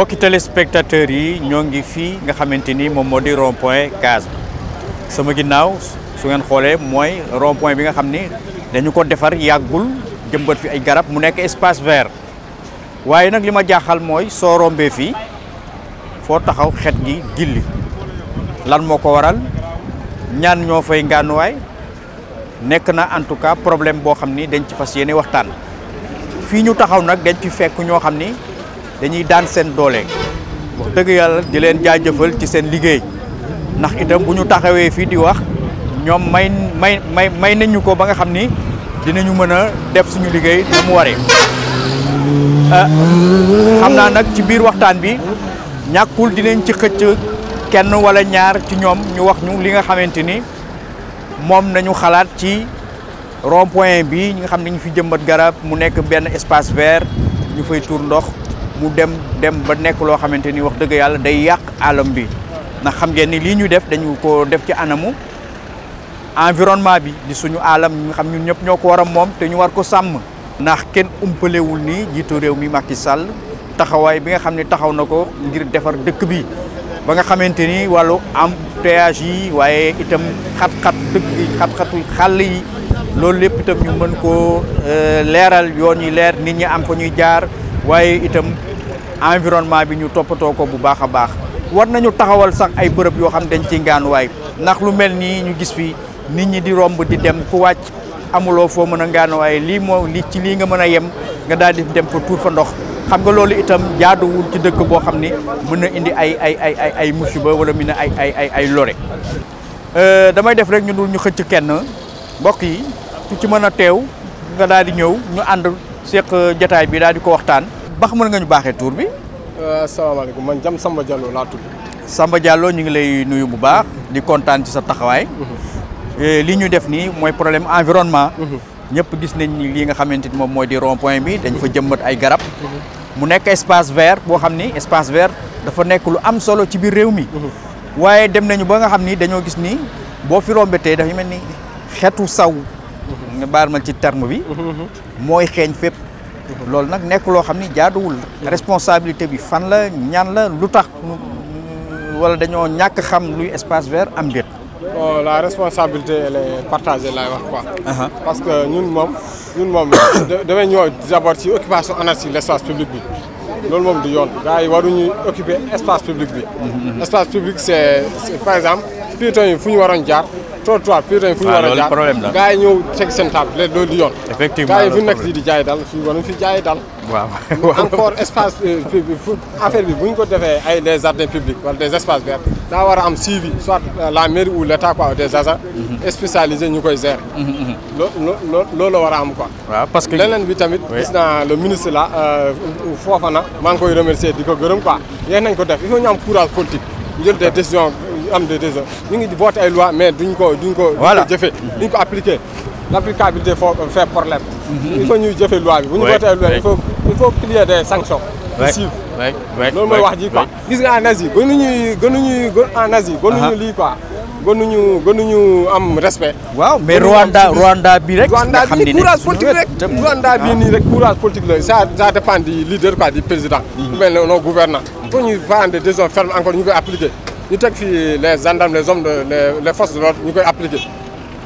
mbokki téléspectateurs yi ñoo ngi fii nga xamante ni moom moo di rond point case sama ginnaaw su ngeen xoolee mooy rond point bi nga xam ni dañu ko defar yàggul jëmbat fi ay garab mu nekk espace vert waaye nag li ma jaaxal mooy soo rombee fii foo taxaw xet gi gilli lan moo ko waral ñaan ñoo fay ngànnuwaay nekk na en tout cas problème boo xam ni dañ ci fas yéene waxtaan fii ñu taxaw nag dañ ci fekk ñoo xam ni dañuy daan seen doole wax dëgg yàlla di leen jaajëfal ci seen liggéey ndax itam bu ñu taxawee fii di wax ñoom may may may may nañu ko ba nga xam ni dinañu mën a def suñu liggéey na mu waree ah, xam naa nag ci biir waxtaan bi ñàkkul dinañ ci xëcc kenn wala ñaar ci ñoom ñu wax ñu li nga xamante ni moom nañu xalaat ci rond point bi ñi nga xam ne ñu fi jëmbat garab mu nekk benn espace vert ñu fay tuur ndox mu dem dem ba nekk loo xamante ni wax dëgg yàlla day yàq alam bi ndax xam ngeen ni lii ñuy def dañu ko def ci anamu environnement bi di suñu alam ñu xam ñu ñëpp ñoo ko war a moom te ñu war ko sàmm. ndax kenn umpalewul nii jiitu réew mi Macky Sall taxawaay bi nga xam ne taxaw na ko ngir defar dëkk bi ba nga xamante ni wàllu embouteillage yi waaye itam xat-xat xatu xàll yi loolu lépp itam ñu mën koo euh, leeral yoon yi leer nit ñi am fa ñuy jaar waaye itam. environnement bi ñu toppatoo ko bu baax a baax war nañu taxawal sax ay bërëb yoo xam dañ ci ngaanuwaay ndax lu mel nii ñu gis fii nit ñi di romb di dem ku wàcc amuloo foo mën a ngaanuwaay lii moo lii ci lii nga mën a yem nga daal di dem fa tuur fa ndox xam nga loolu itam jaaduwul ci dëkk boo xam ni mën a indi ay ay ay ay ay musiba wala mu ne ay ay ay ay euh, damay def rek ñu dul ñu xëcc kenn mbokk yi ku ci mën a teew nga daal di ñëw ñu ànd seq euh, jataay bi daal di ko waxtaan ba xam nga ñu baaxee tur bi. Euh, asalaamaaleykum man Jam Samba Diallo laa tudd. Samba Diallo ñu ngi lay nuyu bu baax di kontaan ci sa taxawaay. Mhm. Euh, lii ñu def nii mooy problème environnement. Mhm. ñëpp gis nañ ni lii nga xamante ni moom mooy di rond point bi dañ fa mhm. jëmbat ay garab. mu nekk espace vert boo xam ni espace vert dafa nekk lu am solo ci biir réew mi. waaye dem nañu ba nga xam ni dañoo gis ni boo fi rombé tey dafa mel ni xetu saw. baar ma ci terme bi. mooy xeeñ fépp. loolu nag nekk loo xam ni jaaduwul responsabilité bi fan la ñan la lu tax wala dañoo ñàkk xam luy espace vert am déet bon la responsabilité elle est partagée laay wax uh-huh. parce que ñun moom ñun moom damay ñëw d'abord ci occupation anarchique l'espace public bi loolu moom du yoon gars waruñu occuper espace public bi mm-hmm, mm-hmm. espace public c'est par exemple piétons fu ñu waroon jaar trottoir piétons yi fu ñu waroon jaar ah, problème la gars teg seen table léegi loolu fu nekk di jaay dal fii waroon fi jaay dal waaw encore espace euh, affaire bi bu ñu ko defee ay des jardins publics wala des espaces verts daa war am suivi soit euh, la mairie ou l' état quoi des agents mhm. spécialisés ñu koy gérer mhm, mhm, loo loolu war am ko waaw parce que leneen bi tamit gis naa le ministre là euh, Fofana maa ngi koy remercier di ko gërëm quoi yéen nañ ko def i faut ñu am courage politique ñu des décisions am de désordre ñu ngi voté ay loi mais duñ ko duñ ko. voilà duñ ko jëfee duñ ko appliqué. l' applicabilité faut fait problème. Mhm. il faut ñuy jëfee loi bi. bu ñu voté ay loi il faut il faut qu'il y ait loolu mooy wax ji quoi. gis nga en Asie gënuñu gënuñu en Asie. gënuñu lii quoi. gënuñu gënuñu am respect. waaw mais Rwanda Rwanda bi rek. nga bi ah. nii rek courage politique la ça ça dépend du leader quoi président. bu mhm. mel ne nos gouvernants. il faut ñuy prendre des décisions fermes encore ñu koy appliquer. ñu teg fii les gendarmes les hommes de les les forces de l'ordre ñu koy appliquer.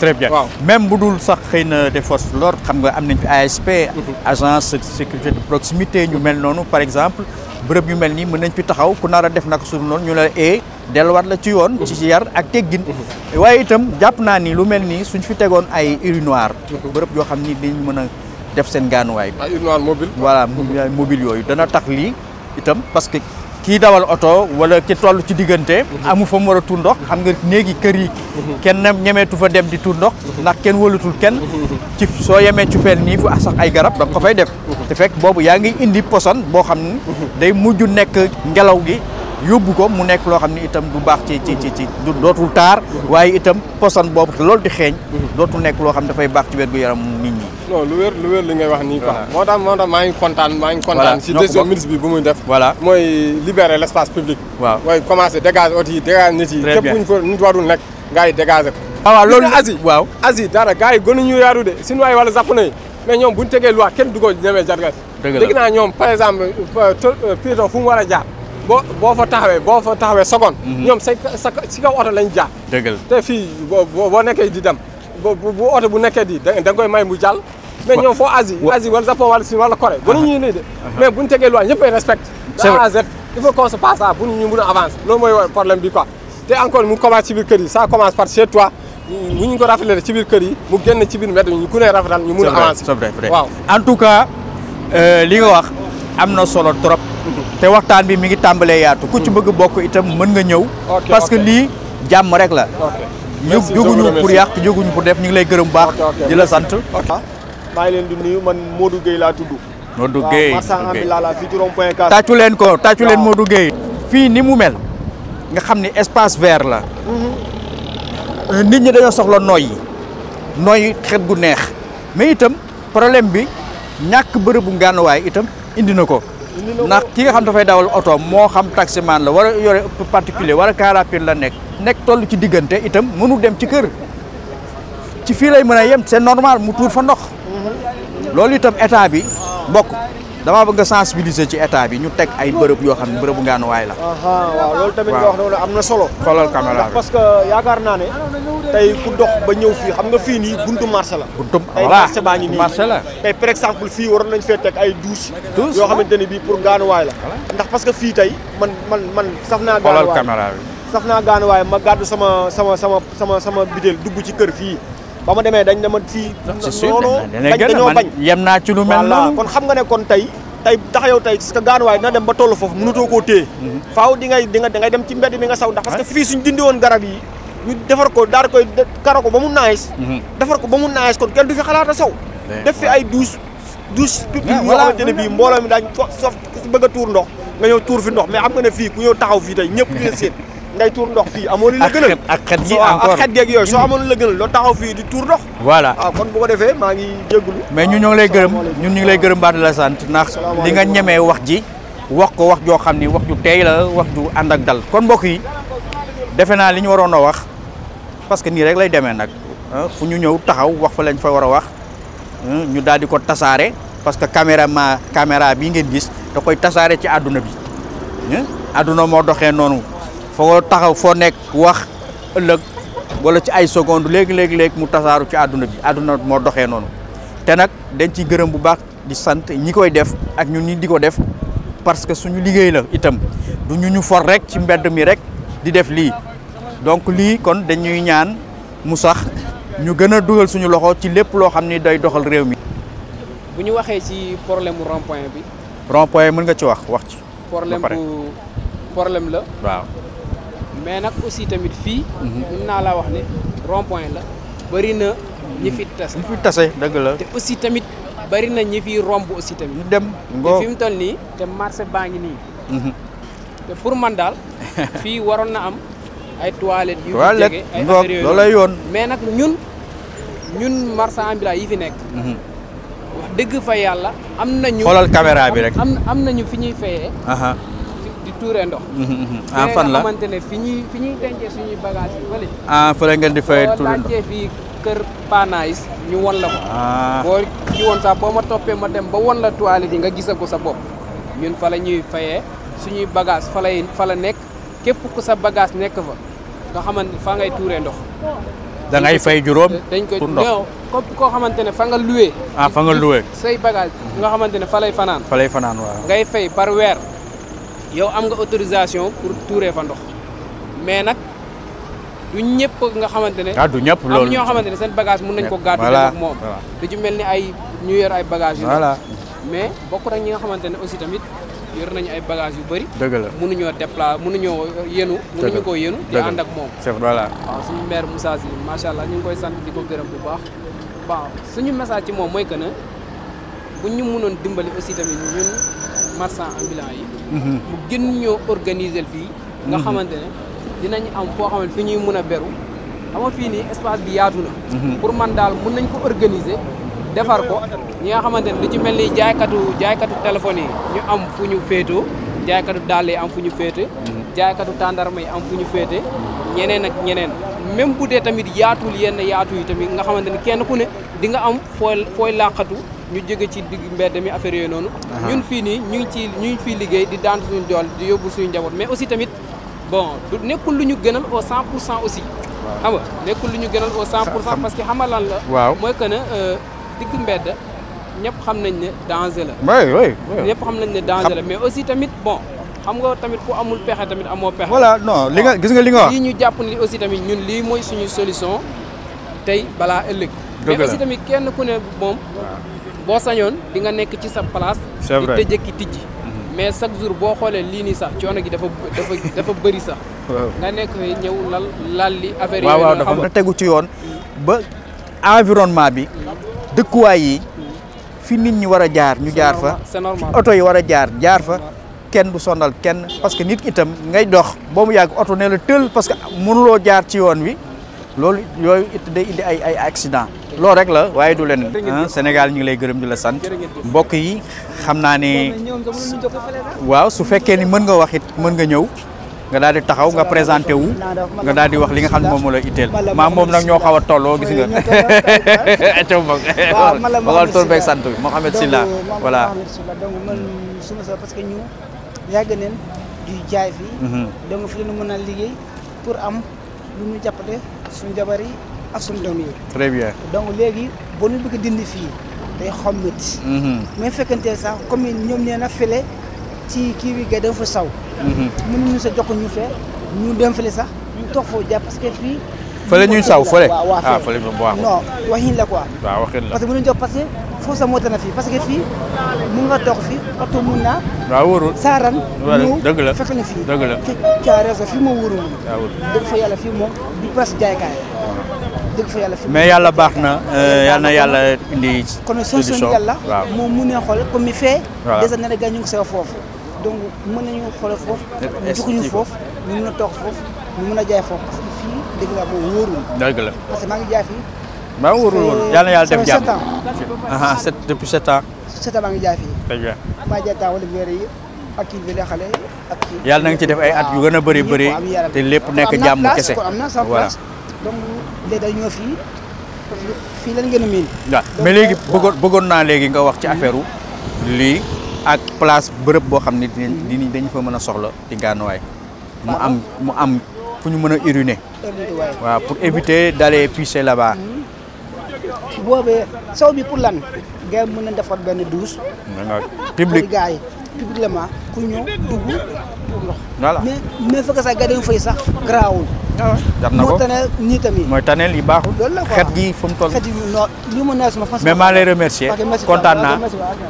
très bien waaw même bu dul sax xëy na des forces de l'ordre xam nga am nañ fi ASP. Mhm. agence de sécurité de proximité ñu mel noonu par exemple bërëb yu mel nii mën nañ fi taxaw ku nar a def naka suñu noonu ñu la ee delluwaat la ci yoon. Mhm. ci yar ak teggin. Mhm. waaye itam jàpp naa ni lu mel nii suñ fi tegoon ay urinoir. bërëb yoo xam ni dañ mën a def seen gaanuwaay. ay urinoir mobile. voilà mobile yooyu dana tax lii itam parce que. kii dawal oto wala ki toll ci diggante amu fa mu war a ndox xam nga néegi kër yi kenn ñemeetu fa dem di tuur ndox ndax kenn wëlatul kenn ci soo yemee ci feel nii fu asax ay garab da ko fay def te fekk boobu yaa ngi indi poson boo xam ne day mujj nekk ngelaw gi yóbbu ko mu nekk loo xam ne itam du baax ci ci ci ci dootul taar waaye itam poson boobu loolu di xeeñ dootul nekk loo xam ne dafay baax ci wér gu yaram nit ñi non lu wér lu wér li ngay wax nii moo tax moo tax maa ngi kontaan maa ngi kontaan si décision ministre bi bu muy def voilà mooy libérer l' espace public waaw mooy commencer dégager oto yi dégager nit yi képp kuñ fa nit warul nekk gars yi dégager ko ah, waaw loolu Asie waaw Asie dara gars yi gënuñu yaatu de Chinois yi wala japonais yi mais ñoom ñu tegee loi kenn du ko ñemee jargat dégg naa ñoom par exemple piéton euh, euh, fu mu war a jaar boo boo fa taxawee boo fa taxawee seconde. Mhm. ñoom sa sa si kaw oto lañ jaar. dëgg te fii boo boo nekkee di dem bu oto bu nekkee di da nga koy may mu jàll. mais ñoom foo Asie. Asie wala Japon wala Chine wala Corée. bu ñu ñuy de uh-huh. mais bu ñu tegee loi ñëpp ay respect c'est vrai de A à Z il faut qu'on se passe ça pour ñu mun a avancer. loolu mooy problème bi quoi te encore mu commence ci biir kër yi ça commence par chez toi. bu ñu ko rafetlee ci biir kër yi mu génn ci biir mi ñu ku ne rafetal ñu mun a avancer. c'est vrai waaw en tout cas euh, li nga wax am na solo trop. Mhm. te waxtaan bi mi ngi tàmbalee yaatu ku ci bëgg bokk itam mën ñëw parce que lii jàmm rek la jóguñu pour yàq jóguñu def ñu ngi lay gërëm baax di la sant maa ngi leen di nuyu man Modou Gueye laa tudd Modou Gueye tàccu leen ko tàccu leen Modou Gueye fii ni mu mel nga xam ni espace vert la mhm. euh, nit ñi dañoo soxla nooy nooy xet gu neex mais itam problème bi ñàkk bërëbu ngànnuwaay itam indi na ko ndax ki nga xam dafay dawal oto moo xam tax taximan la war a yore particulier war a car la nekk nekk toll ci diggante itam mënul dem ci kër ci fii lay mën a yem c'est normal mu tuur fa ndox mhm. loolu itam état bi bokk damaa bëgg nga sensibiliser ci état bi ñu teg ay bërëb yoo xam ne bërëbu ngaanuwaay la. waaw loolu tamit nga wax noonu am na solo. xoolal caméra parce que yaakaar naa ne tey ku dox ba ñëw fii xam nga fii nii buntu marché la. buntu voilà marché baa marché la. tey par exemple fii waroon nañ fee teg ay douche. douche yoo xamante ne bii pour ngaanuwaay la. ndax parce que fii tey man man man saf naa. ngaanuwaay xoolal bi saf naa ngaanuwaay ma gàddu sama sama sama sama sama bitéel dugg ci kër fii ba ma demee dañ dama fii looloo bañ dañoo bañ yem naa ci lu mel noonu kon xam nga ne kon tey tey tax yow tey parce que gaanuwaay dina dem ba toll foofu mënutoo koo téye mhm. faaw di ngay di nga dem ci mbedd mi nga saw ndax parce que fii suñ dindi woon garab yi ñu defar ko daal koy kara ko ba mu naayis mhm. defar ko ba mu naayis kon kenn du fi xalaata saw def fi ay douche douche publique yoo xamante ne bii mbooloo mi daañ sof bëgg a tuur ndox nga ñëw tuur fi ndox mais xam nga ne fii ku ñëw taxaw fii tey ñëpp nday tuur ndox fii amoo li la gënal ak xet gi encore ak xet geeg yooyu soo loo taxaw fii di tuur ndox voilà waaw ah, kon bu defee maa ngi jégalu mais ñu ñoo lay gërëm ñun ñu ngi lay gërëm baa di la sant ndax li nga ñemee wax ji wax ko wax joo xam ni wax ju teey la wax ju ànd ak dal kon mbokk yi defe naa li ñu waroon a wax parce que nii rek lay demee nag ah, fu ñu ñëw taxaw wax fa lañ fa war a wax ah, ñu daal di ko tasaare parce que caméra ma caméra bii ngeen gis da koy tasaare ci àdduna bi àdduna moo doxee noonu foo taxaw foo nekk wax ëllëg wala ci ay seconde léegi léegi léegi mu tasaaru ci àdduna bi àdduna moo doxee noonu te nag dañ ciy gërëm bu baax di sant ñi koy def ak ñu ñi di ko def parce que suñu liggéey la itam du ñu ñu for rek ci mbedd mi rek di def lii donc lii kon dañuy ñaan mu sax ñu gën a dugal suñu loxo ci lépp loo xam ni day doxal réew mi. bu ñu waxee ci problème mu rond bi. rond point mën nga ci wax wax ci. problème bu problème la waaw. mais nag aussi tamit fii. naa laa wax ne rond la bëri na ñi fi tase. ñi fi te aussi tamit bari na ñi fi romb aussi tamit. ñu dem te fi mu toll nii te marché baa ngi nii. Mhm. te pour man daal fii waroon na am ay toilettes. yu yoon. mais nag ñun ñun marchands ambulants yi fi nekk. Mhm. wax fa yàlla am na xoolal caméra bi rek am am nañu fi ñuy fayee. tuuree ndox. Mhm, mhm. ah fan la xamante ne fi ñuy fi dencee suñuy bagage yi fële. ah fële ngeen di fay tuuree ndox la ko. Ah. boo ci woon sax boo ma toppee ma dem ba won la toilette yi nga gisal ko sa bopp ñun fa ñuy fayee suñuy bagage fa lay nekk képp sa bagage nekk fa nga xamante fa ngay tuuree ndox. da fay juróom dañ ko ñëw ne fa nga loué. ah fa nga say bagage nga xamante ne fa lay fanaan. fa fanaan waaw. ngay fay par weer. yow am nga autorisation pour tuuree fa ndox mais nag du ñëpp nga xamante ne. ah du loolu am ñoo xamante ne seen bagage mun nañ ko. voilà gàddu ak moom da ci mel ni ay ñu yor ay bagage voilà mais bokk ak ñi nga xamante ne aussi tamit yor nañu ay bagages yu bëri. dëgg la mënuñoo déplacé mënuñoo yenu mënuñu koo yenu di ànd ak moom. c'est voilà waaw suñu maire Moussa Sy macha allah ñu koy sant di ko gërëm bu baax waaw suñu message ci moom mooy que ne. bu ñu munoon dimbali aussi tamit ñun marchands ambulants yi. Mhm. mu gën ñoo organiser fii. nga mhm. xamante ne dinañ am foo xamante fi ñuy mun a beru. xam nga fii nii espace bi yaatu na. Mhm. pour man daal mun nañ ko organiser. defar ko nga xamante ne lu mel ni jaaykatu jaaykatu téléphone ñu am fu ñu féetoo jaaykatu dàll yi am fu ñu féete. jaaykatu tàndarma yi am fu ñu féete. ñeneen ak ñeneen même bu dee tamit yaatul yenn yaatu yi tamit nga xamante ni kenn ku ne di nga am fooy fooy làqatu. ñu jóge ci digg mbedd mi affaire yooyu noonu ñun fii nii ñu ngi ci ñu ngi liggéey di daan suñu dool di yóbbu suñu njaboot mais aussi tamit bon nekkul lu ñu gënal au cent pour cent aussi xam nga nekkul lu ñu gënal au cent pour cent parce que xamal lan la waaw mooy que ne euh, digg mbedd ñëpp xam nañ ne danger la oui oui ñëpp xam nañ ne danger la mais aussi tamit bon xam nga tamit ku amul pexe tamit amoo pexe voilà non li nga gis nga li nga wax lii ñu jàpp ni aussi tamit ñun lii mooy suñu solution tey balaa ëllëg mais aussi tamit kenn ku ne moom boo sañoon di nga nekk ci sa place. c'est vrai di tijji. Mhm. mais chaque jour boo xoolee lii nii sax coono gi dafa dafa dafa bëri sax. nga nekk ñëw lal lal li affaire yi. waaw waaw dafa tegu ci yoon. ba environnement bi. dëkkuwaay yi. fi nit ñi war a jaar ñu jaar fa. fi oto yi war a jaar jaar fa. kenn du sonal kenn parce que nit itam ngay dox boo mu yàgg oto nee la tël parce que mënuloo jaar ci yoon wi loolu yooyu it day indi ay ay accident loolu rek la waaye du leen ah, Sénégal ñu ngi lay gërëm di la sant mbokk yi xam naa ni waaw su fekkee ni mën nga wax it mën nga ñëw nga daal di taxaw nga présenté wu nga daal di wax li nga xam ne moom la itteel maa nag ñoo xaw a tolloo gis nga taw ba waxal tur beeg sant bi Mouhamed Sylla voilà donc man suma parce que ñu yàgg neen di jaay fii mhm. donc fi la mën a liggéey pour am lu ñu jàppale suñu jabar yi ak suñu doom yi. très léegi boo ñu bëgg dindi fii day xaw métti. Mhm. mais fekkantee sax comme ñoom nee na fële ci kii bi gay dafa fa saw. Mhm. mënuñu sa jox ñu fee ñu dem fële sax ñu toog foo jàpp parce que fii. fële ñuy saw fële ah fële moom waaw non waxin la quoi. waaw waxin la parce que mënuñu jox parce que fii parce que fii mun nga toog fii oto mun naa. waaw wóorul saaran. ñu dëgg la fekk na fii. dëgg la ca ca fii moom wóorul. waaw wóorul dëgg yàlla fii moom du place jaaykaay. mais yàlla baax na euh, yal na yàlla indi. solution soo yàlla. waaw moom mu ne xool comme mi fee. voilà des années ñu ngi sew foofu. donc mën nañu xoolal foofu. juguñu foofu ñu mën a toog foofu ñu mën a jaay foofu parce que fii la boobu wóorul. dëgg la parce que maa ngi jaay fii. maa wóorul wóorul yàlla maa ngi jaay fii. très bien maa jaay temps wala weer yi ak kii bi la xale ak kii. yàlla na nga ci def ay at yu gën a bëri bëri te lépp nekk jàmm kese voilà. donc léeg-léeg ñoo fii parce que fii lañ gën a miin. waaw mais léegi bëggoon bëggoon naa léegi nga wax ci hmm. affaire lii ak place bërëb boo xam ne dinañ hmm. dañu fa mën a soxla ci gànnuwaay. mu am mu am fu ñu mën a irine waaw pour éviter d'aller pisser là-bas. Hmm. boobee saw bi pour lan. gars mën na defar benn douche. public publiquement ku ñëw dugg ndox. voilà mais mais fekk sax gars ah yi na ko moo tane nii tamit. mooy tane lii baaxul. loolu xet gi fu mu toll. xet yi non ma fas. mais maa lay remercier kontaan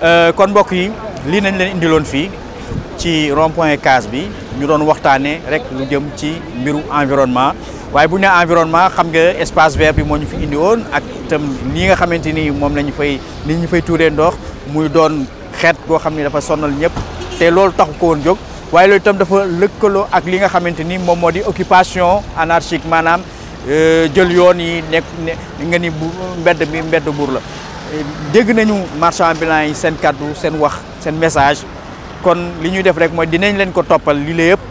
euh, kon mbokk yi lii nañ leen indiloon fii ci rond point case bi ñu doon waxtaanee rek lu jëm ci mbiru environnement. waaye bu ñu environnement xam nga espace vert bi moo ñu fi indi woon ak itam lii nga xamante ni moom la ñu fay ni ndox muy doon. xeet goo xam ni dafa sonal ñëpp te loolu taxu ko woon jóg waaye loolu tam dafa lëkkaloo ak li nga xamante ni moom moo di occupation anarchique maanaam euh, jël yoon yi nekk nga ni bu mbedd bi mbedd buur la dégg nañu marchand ambulant yi seen kàddu seen wax seen message kon li ñuy def rek mooy dinañ leen ko toppal lii la yëpp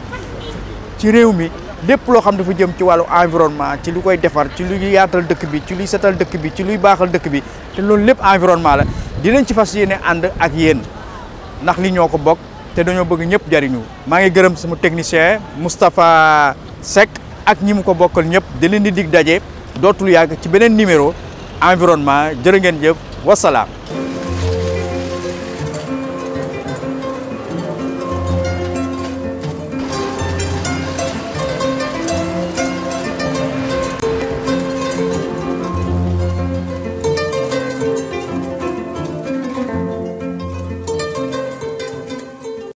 ci réew mi lépp loo xam dafa jëm ci wàllu environnement ci lu koy defar ci luy yaatal dëkk bi ci luy setal dëkk bi ci luy baaxal dëkk bi te loolu lépp environnement la dinañ ci fas yéene ànd ak yéen ndax li ñoo ko bokk te dañoo bëgg ñëpp jariñu maa ngi gërëm sama technicien Moustapha Seck ak ñi mu ko bokkal ñëpp di leen di dig daje dootul yàgg ci beneen numéro environnement jërë ngeen jëf wasalaam